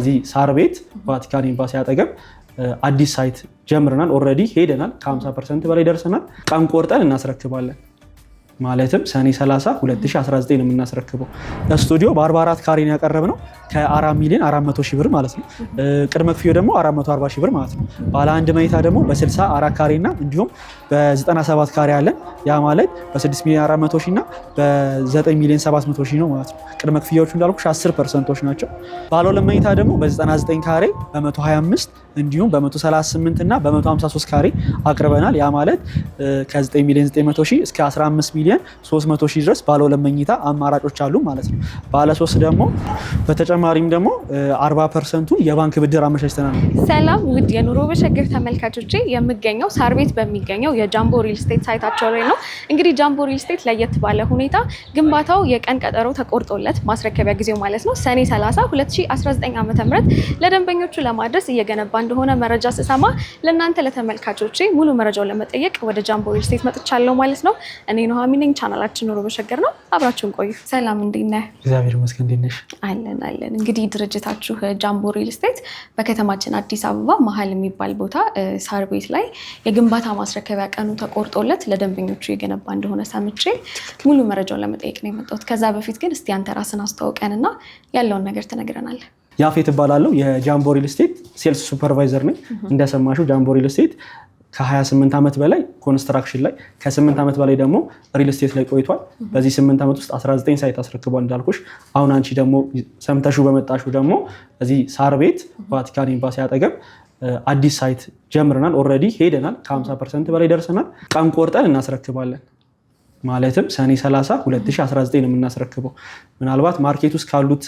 እዚህ ሳር ቤት ቫቲካን ኤምባሲ አጠገብ አዲስ ሳይት ጀምረናል። ኦልሬዲ ሄደናል። ከ50 ፐርሰንት በላይ ደርሰናል። ቀን ቆርጠን እናስረክባለን። ማለትም ሰኔ 30 2019 የምናስረክበው። ስቱዲዮ በ44 ካሬን ያቀረብ ነው ከአራት ሚሊዮን አራት መቶ ሺህ ብር ማለት ነው። ቅድመ ክፍያው ደግሞ አራት መቶ አርባ ሺህ ብር ማለት ነው። ባለ አንድ መኝታ ደግሞ በስልሳ አራት ካሬ እና እንዲሁም በዘጠና ሰባት ካሬ አለን። ያ ማለት በስድስት ሚሊዮን አራት መቶ ሺህ እና በዘጠኝ ሚሊዮን ሰባት መቶ ሺህ ነው ማለት ነው። ቅድመ ክፍያዎቹ እንዳልኩሽ አስር ፐርሰንቶች ናቸው። ባለ ሁለት መኝታ ደግሞ በዘጠና ዘጠኝ ካሬ በመቶ ሀያ አምስት እንዲሁም በመቶ ሰላሳ ስምንት እና በመቶ ሀምሳ ሶስት ካሬ አቅርበናል። ያ ማለት ከዘጠኝ ሚሊዮን ዘጠኝ መቶ ሺህ እስከ አስራ አምስት ሚሊዮን ሶስት መቶ ሺህ ድረስ ባለ ሁለት መኝታ አማራጮች አሉ ማለት ነው። ባለ ሶስት ደግሞ በተጨ በተጨማሪም ደግሞ አርባ ፐርሰንቱን የባንክ ብድር አመቻችተናል። ሰላም ውድ የኑሮ በሸገር ተመልካቾቼ የምገኘው ሳር ቤት በሚገኘው የጃምቦ ሪል ስቴት ሳይታቸው ላይ ነው። እንግዲህ ጃምቦ ሪል ስቴት ለየት ባለ ሁኔታ ግንባታው የቀን ቀጠሮ ተቆርጦለት ማስረከቢያ ጊዜው ማለት ነው ሰኔ 30 2019 ዓ ም ለደንበኞቹ ለማድረስ እየገነባ እንደሆነ መረጃ ስሰማ ለእናንተ ለተመልካቾቼ ሙሉ መረጃውን ለመጠየቅ ወደ ጃምቦ ሪል ስቴት መጥቻለሁ ማለት ነው። እኔ ኑሃሚ ነኝ። ቻናላችን ኑሮ በሸገር ነው። አብራችሁን ቆዩ። ሰላም እንዴት ነህ? እግዚአብሔር ይመስገን። እንዴት ነሽ? አለን አለን እናመሰግናለን። እንግዲህ ድርጅታችሁ ጃምቦ ሪል ስቴት በከተማችን አዲስ አበባ መሀል የሚባል ቦታ ሳር ቤት ላይ የግንባታ ማስረከቢያ ቀኑ ተቆርጦለት ለደንበኞቹ የገነባ እንደሆነ ሰምቼ ሙሉ መረጃውን ለመጠየቅ ነው የመጣሁት። ከዛ በፊት ግን እስቲ አንተ ራስን አስተዋውቀንና ያለውን ነገር ትነግረናል። ያፌት እባላለሁ። የጃምቦ ሪል ስቴት ሴልስ ሱፐርቫይዘር ነኝ። እንደሰማሽው ጃምቦ ሪል ስቴት ከ28 ዓመት በላይ ኮንስትራክሽን ላይ ከ8 ዓመት በላይ ደግሞ ሪል ስቴት ላይ ቆይቷል። በዚህ 8 ዓመት ውስጥ 19 ሳይት አስረክቧል እንዳልኩሽ። አሁን አንቺ ደግሞ ሰምተሹ በመጣሹ ደግሞ እዚህ ሳር ቤት ቫቲካን ኤምባሲ አጠገብ አዲስ ሳይት ጀምረናል። ኦልሬዲ ሄደናል። ከ50 ፐርሰንት በላይ ደርሰናል። ቀን ቆርጠን እናስረክባለን። ማለትም ሰኔ 30 2019 ነው የምናስረክበው። ምናልባት ማርኬት ውስጥ ካሉት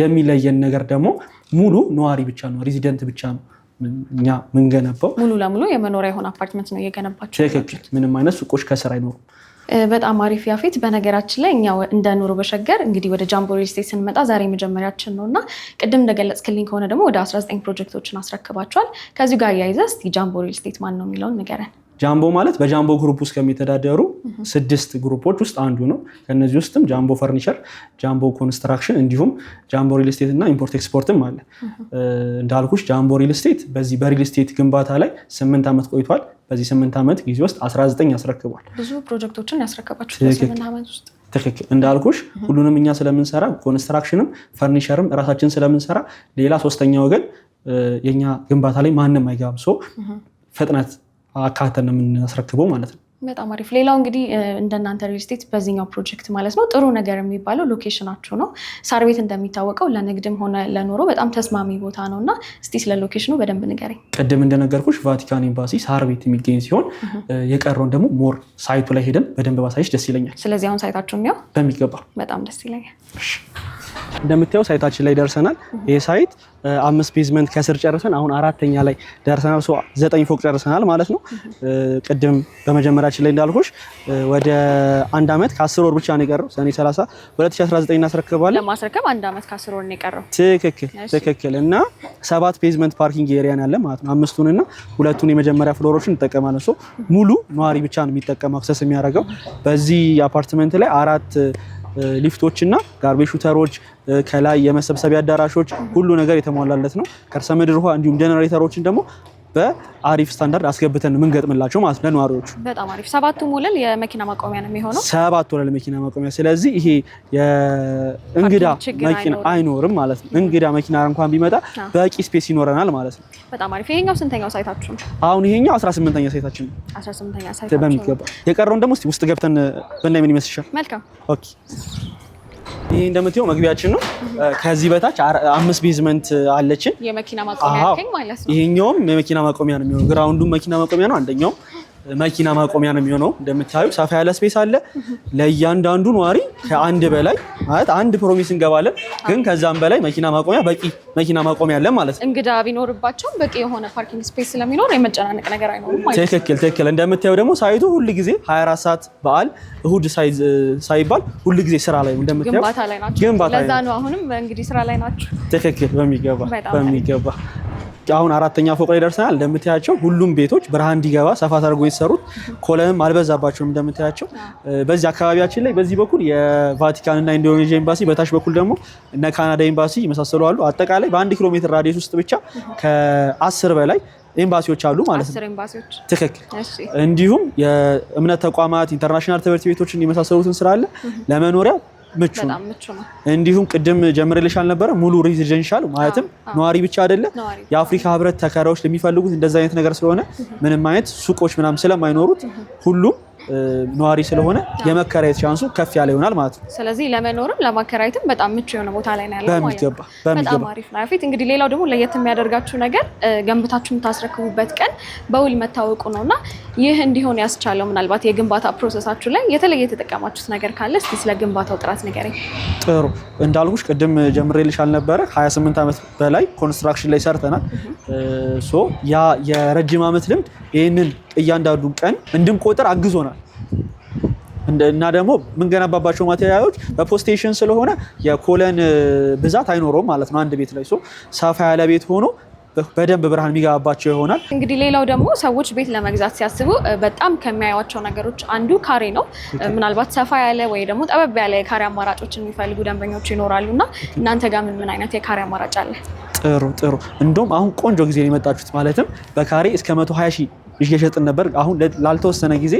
የሚለየን ነገር ደግሞ ሙሉ ነዋሪ ብቻ ነው፣ ሬዚደንት ብቻ ነው እኛ ምንገነባው ሙሉ ለሙሉ የመኖሪያ የሆነ አፓርትመንት ነው እየገነባቸው። ትክክል። ምንም አይነት ሱቆች ከስር አይኖሩም። በጣም አሪፍ ያፌት። በነገራችን ላይ እኛ እንደ ኑሮ በሸገር እንግዲህ ወደ ጃምቦ ሪል ስቴት ስንመጣ ዛሬ መጀመሪያችን ነው እና ቅድም እንደገለጽክልኝ ከሆነ ደግሞ ወደ 19 ፕሮጀክቶችን አስረክባቸዋል። ከዚሁ ጋር ያይዘ ስ ጃምቦ ሪል ስቴት ማን ነው የሚለውን ንገረን። ጃምቦ ማለት በጃምቦ ግሩፕ ውስጥ ከሚተዳደሩ ስድስት ግሩፖች ውስጥ አንዱ ነው። ከነዚህ ውስጥም ጃምቦ ፈርኒቸር፣ ጃምቦ ኮንስትራክሽን እንዲሁም ጃምቦ ሪል ስቴት እና ኢምፖርት ኤክስፖርትም አለ። እንዳልኩሽ ጃምቦ ሪል ስቴት በዚህ በሪል ስቴት ግንባታ ላይ ስምንት ዓመት ቆይቷል። በዚህ ስምንት ዓመት ጊዜ ውስጥ 19 ያስረክቧል። ብዙ ፕሮጀክቶችን ያስረከባችሁ ዓመት ውስጥ ትክክል እንዳልኩሽ ሁሉንም እኛ ስለምንሰራ ኮንስትራክሽንም ፈርኒቸርም እራሳችን ስለምንሰራ ሌላ ሶስተኛ ወገን የኛ ግንባታ ላይ ማንም አይገባም። ሶ ፍጥነት አካተን የምናስረክበው ማለት ነው። በጣም አሪፍ። ሌላው እንግዲህ እንደናንተ ሪል ስቴት በዚህኛው ፕሮጀክት ማለት ነው ጥሩ ነገር የሚባለው ሎኬሽናችሁ ነው። ሳር ቤት እንደሚታወቀው ለንግድም ሆነ ለኑሮ በጣም ተስማሚ ቦታ ነው እና እስቲ ስለ ሎኬሽኑ በደንብ ንገረኝ። ቅድም እንደነገርኩሽ ቫቲካን ኤምባሲ ሳር ቤት የሚገኝ ሲሆን የቀረውን ደግሞ ሞር ሳይቱ ላይ ሄደን በደንብ ባሳይሽ ደስ ይለኛል። ስለዚህ አሁን ሳይታችሁ የሚያው በሚገባ በጣም ደስ ይለኛል። እንደምታየው ሳይታችን ላይ ደርሰናል። ይህ ሳይት አምስት ቤዝመንት ከስር ጨርሰን አሁን አራተኛ ላይ ደርሰናል። ዘጠኝ ፎቅ ጨርሰናል ማለት ነው። ቅድም በመጀመሪያችን ላይ እንዳልኩሽ ወደ አንድ ዓመት ከአስር ወር ብቻ ነው የቀረው። ሰኔ 30 2019 እናስረክባለን። ለማስረከብ አንድ ዓመት ከአስር ወር ነው የቀረው። ትክክል ትክክል። እና ሰባት ቤዝመንት ፓርኪንግ ኤሪያን ያለ ማለት ነው። አምስቱን እና ሁለቱን የመጀመሪያ ፍሎሮችን እንጠቀማለን። ሙሉ ነዋሪ ብቻ ነው የሚጠቀመው አክሰስ የሚያደርገው በዚህ አፓርትመንት ላይ አራት ሊፍቶች እና ጋርቤጅ ሹተሮች፣ ከላይ የመሰብሰቢያ አዳራሾች፣ ሁሉ ነገር የተሟላለት ነው። ከርሰ ምድር ውሃ እንዲሁም ጀነሬተሮችን ደግሞ በአሪፍ ስታንዳርድ አስገብተን ምንገጥምላቸው ማለት ነው ለነዋሪዎቹ። በጣም አሪፍ። ሰባቱ ወለል የመኪና ማቆሚያ ነው የሚሆነው። ሰባት ወለል መኪና ማቆሚያ። ስለዚህ ይሄ የእንግዳ መኪና አይኖርም ማለት ነው። እንግዳ መኪና እንኳን ቢመጣ በቂ ስፔስ ይኖረናል ማለት ነው። በጣም አሪፍ። ይሄኛው ስንተኛው ሳይታችሁ ነው? አሁን ይሄኛው 18ኛ ሳይታችን ነው። 18ኛ ሳይታችን በሚገባ የቀረውን ደግሞ ውስጥ ገብተን ብናይ ምን ይመስልሻል? መልካም ኦኬ ይሄ እንደምትየው መግቢያችን ነው። ከዚህ በታች አምስት ቤዝመንት አለችን። የመኪና ማቆሚያ ማለት ነው። ይሄኛውም የመኪና ማቆሚያ ነው የሚሆነው። ግራውንዱም መኪና ማቆሚያ ነው። አንደኛውም መኪና ማቆሚያ ነው የሚሆነው። እንደምታዩ ሰፋ ያለ ስፔስ አለ። ለእያንዳንዱ ነዋሪ ከአንድ በላይ ማለት አንድ ፕሮሚስ እንገባለን፣ ግን ከዛም በላይ መኪና ማቆሚያ በቂ መኪና ማቆሚያ አለ ማለት ነው። እንግዳ ቢኖርባቸው በቂ የሆነ ፓርኪንግ ስፔስ ስለሚኖር የመጨናነቅ ነገር አይኖርም ማለት ነው። ትክክል ትክክል። እንደምታዩ ደግሞ ሳይቱ ሁል ጊዜ 24 ሰዓት በዓል እሁድ ሳይባል ሁል ጊዜ ስራ ላይ እንደምታዩ ግንባታ ላይ ናቸው። ለዛ ነው አሁንም እንግዲህ ስራ ላይ ናቸው። ትክክል በሚገባ በሚገባ አሁን አራተኛ ፎቅ ላይ ደርሰናል። እንደምታያቸው ሁሉም ቤቶች ብርሃን እንዲገባ ሰፋ ተደርጎ የተሰሩት ኮለምም አልበዛባቸውም። እንደምታያቸው በዚህ አካባቢያችን ላይ በዚህ በኩል የቫቲካን እና ኢንዶኔዥያ ኤምባሲ፣ በታች በኩል ደግሞ እነ ካናዳ ኤምባሲ ይመሳሰሉ አሉ። አጠቃላይ በአንድ ኪሎ ሜትር ራዲየስ ውስጥ ብቻ ከአስር በላይ ኤምባሲዎች አሉ ማለት ነው። ትክክል። እንዲሁም የእምነት ተቋማት ኢንተርናሽናል ትምህርት ቤቶችን የመሳሰሉትን ስላለ ለመኖሪያ ምቹ ነው። እንዲሁም ቅድም ጀምሬልሽ አልነበረ ሙሉ ሬዚደንሻል ማለትም ነዋሪ ብቻ አይደለም። የአፍሪካ ህብረት ተከራዮች ለሚፈልጉት እንደዚ አይነት ነገር ስለሆነ ምንም አይነት ሱቆች ምናምን ስለማይኖሩት ሁሉም ነዋሪ ስለሆነ የመከራየት ቻንሱ ከፍ ያለ ይሆናል ማለት ነው። ስለዚህ ለመኖርም ለማከራየትም በጣም ምቹ የሆነ ቦታ ላይ ነው ያለው ነው። በጣም አሪፍ ነው። ያፌት እንግዲህ ሌላው ደግሞ ለየት የሚያደርጋችሁ ነገር ገንብታችሁ የምታስረክቡበት ቀን በውል መታወቁ ነው እና ይህ እንዲሆን ያስቻለው ምናልባት የግንባታ ፕሮሰሳችሁ ላይ የተለየ የተጠቀማችሁት ነገር ካለ እስኪ ስለ ግንባታው ጥራት ንገረኝ። ጥሩ እንዳልኩሽ ቅድም ጀምሬልሽ አልነበረ 28 ዓመት በላይ ኮንስትራክሽን ላይ ሰርተናል። ሶ ያ የረጅም ዓመት ልምድ ይህንን እያንዳንዱን ቀን እንድንቆጥር አግዞናል። እና ደግሞ የምንገነባባቸው ማቴሪያሎች በፖስቴሽን ስለሆነ የኮለን ብዛት አይኖረውም ማለት ነው። አንድ ቤት ላይ ሰፋ ያለ ቤት ሆኖ በደንብ ብርሃን የሚገባባቸው ይሆናል። እንግዲህ ሌላው ደግሞ ሰዎች ቤት ለመግዛት ሲያስቡ በጣም ከሚያዩቸው ነገሮች አንዱ ካሬ ነው። ምናልባት ሰፋ ያለ ወይ ደግሞ ጠበብ ያለ የካሬ አማራጮችን የሚፈልጉ ደንበኞች ይኖራሉ እና እናንተ ጋር ምን ምን አይነት የካሬ አማራጭ አለ? ጥሩ ጥሩ። እንደውም አሁን ቆንጆ ጊዜ የመጣችሁት ማለትም በካሬ እስከ 120 ሺህ እየሸጥን ነበር። አሁን ላልተወሰነ ጊዜ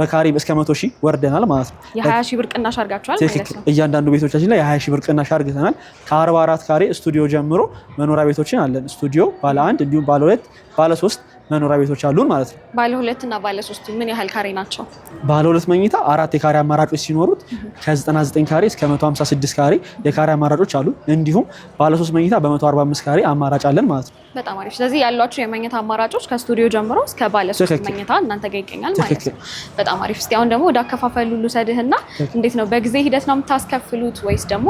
በካሬ እስከ መቶ ሺህ ወርደናል ማለት ነው። የሀያ ሺህ ብር ቅናሽ ማለት ነው። እያንዳንዱ ቤቶቻችን ላይ የሀያ ሺህ ብር ቅናሽ አርግተናል። ከአርባ አራት ካሬ ስቱዲዮ ጀምሮ መኖሪያ ቤቶችን አለን። ስቱዲዮ ባለ አንድ እንዲሁም ባለ ሁለት ባለ ሶስት መኖሪያ ቤቶች አሉን ማለት ነው። ባለ ሁለት እና ባለ ሶስት ምን ያህል ካሬ ናቸው? ባለ ሁለት መኝታ አራት የካሬ አማራጮች ሲኖሩት ከ99 ካሬ እስከ 156 ካሬ የካሬ አማራጮች አሉ። እንዲሁም ባለ ሶስት መኝታ በ145 ካሬ አማራጭ አለን ማለት ነው። በጣም አሪፍ። ስለዚህ ያሏቸው የመኝታ አማራጮች ከስቱዲዮ ጀምሮ እስከ ባለ ሶስት መኝታ እናንተ ጋር ይገኛል ማለት ነው። በጣም አሪፍ። እስኪ አሁን ደግሞ ወደ አከፋፈሉ ልውሰድህና እንዴት ነው በጊዜ ሂደት ነው የምታስከፍሉት ወይስ ደግሞ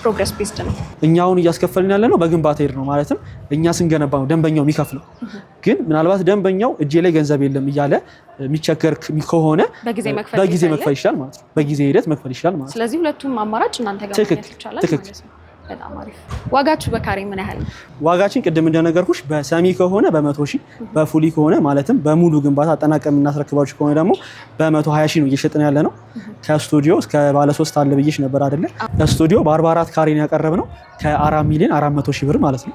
ፕሮግረስ ቤስድ ነው? እኛ አሁን እያስከፈልን ያለ ነው በግንባታ ሄድ ነው ማለትም እኛ ስንገነባ ነው ደንበኛው የሚከፍለው ግን ምናልባት ምናልባት ደንበኛው እጄ ላይ ገንዘብ የለም እያለ የሚቸገር ከሆነ በጊዜ መክፈል ይችላል ማለት ነው። በጊዜ ሂደት መክፈል ይችላል ማለት ነው። ስለዚህ ሁለቱም አማራጭ እናንተ ጋር ትክክል በጣም አሪፍ። ዋጋችሁ በካሬ ምን ያህል? ዋጋችን ቅድም እንደነገርኩሽ በሰሚ ከሆነ በመቶ ሺ በፉሊ ከሆነ ማለትም በሙሉ ግንባታ አጠናቀም እናስረክባችሁ ከሆነ ደግሞ በመቶ ሀያ ሺህ ነው እየሸጥን ያለ ነው። ከስቱዲዮ እስከ ባለሶስት አለ ብዬሽ ነበር አይደለ? ከስቱዲዮ በአርባ አራት ካሬን ያቀረብ ነው ከአራት ሚሊዮን አራት መቶ ብር ማለት ነው።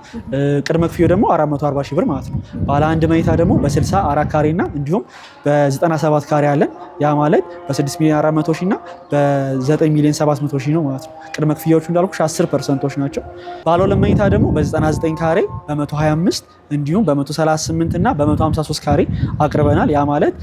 ቅድመ ክፍዮ ደግሞ አራት መቶ አርባ ብር ማለት ነው። ባለ አንድ መኝታ ደግሞ በስልሳ አራት ካሬ እና እንዲሁም በዘጠና ሰባት ካሬ አለን። ያ ማለት በስድስት ሚሊዮን አራት መቶ ሺህ እና በዘጠኝ ሚሊዮን ሰባት መቶ ነው ማለት ነው። ቅድመ ክፍያዎቹ እንዳልኩሽ አስር ፐርሰንት ፐርሰንቶች ናቸው። ባለ ሁለት መኝታ ደግሞ በ99 ካሬ በ125 እንዲሁም በ138 እና በ153 ካሬ አቅርበናል። ያ ማለት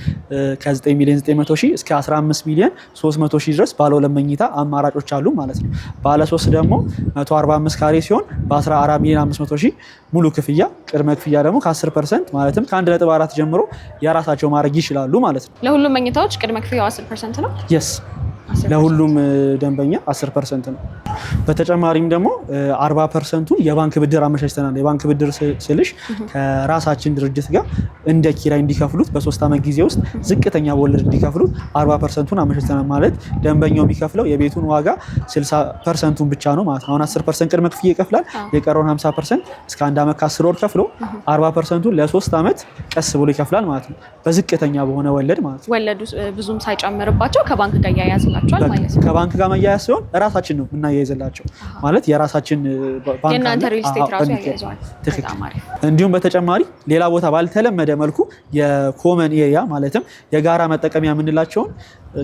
ከ9 ሚሊዮን 900 ሺህ እስከ 15 ሚሊዮን 300 ሺህ ድረስ ባለ ሁለት መኝታ አማራጮች አሉ ማለት ነው። ባለ ሶስት ደግሞ 145 ካሬ ሲሆን በ14 ሚሊዮን 500 ሺህ ሙሉ ክፍያ፣ ቅድመ ክፍያ ደግሞ ከ10 ፐርሰንት ማለትም ከ1.4 ጀምሮ የራሳቸው ማድረግ ይችላሉ ማለት ነው። ለሁሉም መኝታዎች ቅድመ ክፍያው 10 ፐርሰንት ነው። የስ ለሁሉም ደንበኛ 10 ፐርሰንት ነው። በተጨማሪም ደግሞ 40 ፐርሰንቱ የባንክ ብድር አመቻችተናል። የባንክ ብድር ስልሽ ከራሳችን ድርጅት ጋር እንደ ኪራይ እንዲከፍሉት በሶስት ዓመት ጊዜ ውስጥ ዝቅተኛ በወለድ እንዲከፍሉት 40 ፐርሰንቱን አመቻችተናል። ማለት ደንበኛው የሚከፍለው የቤቱን ዋጋ 60 ፐርሰንቱን ብቻ ነው ማለት ነው። አሁን 10 ፐርሰንት ቅድመ ክፍያ ይከፍላል። የቀረውን 50 ፐርሰንት እስከ አንድ ዓመት ከአስር ወር ከፍሎ 40 ፐርሰንቱን ለሶስት ዓመት ቀስ ብሎ ይከፍላል ማለት ነው። በዝቅተኛ በሆነ ወለድ ማለት ነው። ወለዱ ብዙም ሳይጨምርባቸው ከባንክ ጋር ያያዝ ይመጣላቸዋል ማለት ነው። ከባንክ ጋር መያያዝ ሲሆን እራሳችን ነው የምናያይዘላቸው ማለት የራሳችን እንዲሁም በተጨማሪ ሌላ ቦታ ባልተለመደ መልኩ የኮመን ኤሪያ ማለትም የጋራ መጠቀሚያ የምንላቸውን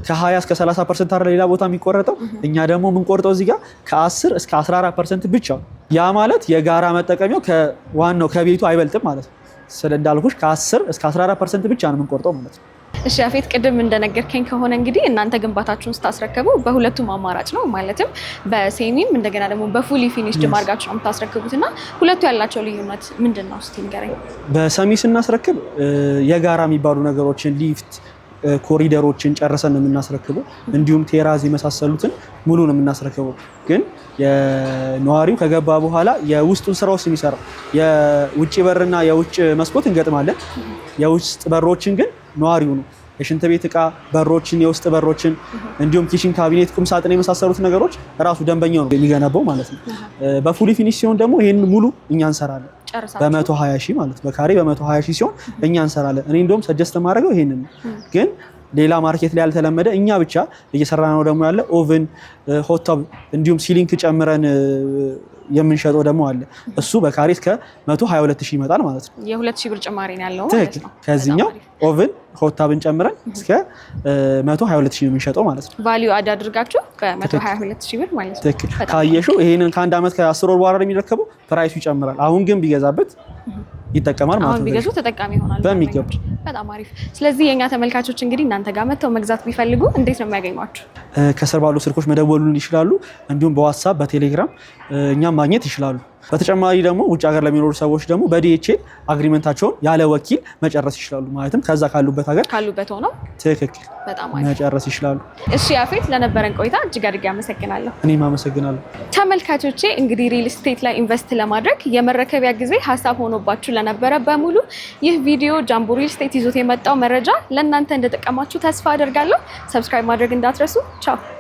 ከ20 እስከ 30 ፐርሰንት አለ ሌላ ቦታ የሚቆረጠው እኛ ደግሞ የምንቆርጠው እዚህ ጋር ከ10 እስከ 14 ፐርሰንት ብቻ። ያ ማለት የጋራ መጠቀሚያው ከዋናው ከቤቱ አይበልጥም ማለት ነው። ስለ እንዳልኩሽ ከ10 እስከ 14 ፐርሰንት ብቻ ነው የምንቆርጠው ማለት ነው። እሺ ያፌት፣ ቅድም እንደነገርከኝ ከሆነ እንግዲህ እናንተ ግንባታችሁን ስታስረከቡ በሁለቱም አማራጭ ነው ማለትም በሴሚም እንደገና ደግሞ በፉሊ ፊኒሽድ ማድረጋችሁ ነው የምታስረክቡት እና ሁለቱ ያላቸው ልዩነት ምንድን ነው? እስኪ ንገረኝ። በሰሚ ስናስረክብ የጋራ የሚባሉ ነገሮችን ሊፍት፣ ኮሪደሮችን ጨርሰን የምናስረክበው። እንዲሁም ቴራዝ የመሳሰሉትን ሙሉ ነው የምናስረክበው። ግን የነዋሪው ከገባ በኋላ የውስጡን ስራ ውስጥ የሚሰራው የውጭ በርና የውጭ መስኮት እንገጥማለን። የውስጥ በሮችን ግን ነዋሪው ነው። የሽንት ቤት እቃ በሮችን፣ የውስጥ በሮችን እንዲሁም ኪችን ካቢኔት፣ ቁም ሳጥን የመሳሰሉት ነገሮች ራሱ ደንበኛው ነው የሚገነባው ማለት ነው። በፉሊ ፊኒሽ ሲሆን ደግሞ ይህን ሙሉ እኛ እንሰራለን በመቶ ሀያ ሺህ ማለት በካሬ በመቶ ሀያ ሺህ ሲሆን እኛ እንሰራለን። እኔ እንደውም ሰጀስት ማድረገው ይህንን ነው ግን ሌላ ማርኬት ላይ ያልተለመደ እኛ ብቻ እየሰራ ነው ደግሞ ያለ ኦቨን ሆታብ እንዲሁም ሲሊንክ ጨምረን የምንሸጠው ደግሞ አለ። እሱ በካሬ እስከ 122 ሺህ ይመጣል ማለት ነው። 2 ሺህ ብር ጭማሪ ነው ያለው ማለት ነው። ከዚህኛው ኦቭን ሆታብን ጨምረን እስከ 122 ሺህ የምንሸጠው ማለት ነው። ቫልዩ አድ አድርጋችሁ በ122 ሺህ ብር ማለት ነው። ትክክል ካየሽው፣ ይሄንን ከአንድ ዓመት ከ10 ወር በኋላ የሚረከበው ፕራይሱ ይጨምራል። አሁን ግን ቢገዛበት ይጠቀማል ማለት ነው። ቢገዙ ተጠቃሚ ይሆናል በሚገባ። በጣም አሪፍ። ስለዚህ የኛ ተመልካቾች እንግዲህ እናንተ ጋር መጥተው መግዛት ቢፈልጉ እንዴት ነው የሚያገኟቸው? ከስር ባሉ ስልኮች መደወሉን ይችላሉ። እንዲሁም በዋትሳፕ በቴሌግራም እኛም ማግኘት ይችላሉ። በተጨማሪ ደግሞ ውጭ ሀገር ለሚኖሩ ሰዎች ደግሞ በዲኤችኤል አግሪመንታቸውን ያለ ወኪል መጨረስ ይችላሉ። ማለትም ከዛ ካሉበት ሀገር ካሉበት ሆነው ትክክል መጨረስ ይችላሉ። እሺ ያፌት፣ ለነበረን ቆይታ እጅግ አድርጌ አመሰግናለሁ። እኔም አመሰግናለሁ። ተመልካቾቼ እንግዲህ ሪል ስቴት ላይ ኢንቨስት ለማድረግ የመረከቢያ ጊዜ ሀሳብ ሆኖባችሁ ለነበረ በሙሉ ይህ ቪዲዮ ጃምቦ ሪል ስቴት ይዞት የመጣው መረጃ ለእናንተ እንደጠቀማችሁ ተስፋ አደርጋለሁ። ሰብስክራይብ ማድረግ እንዳትረሱ። ቻው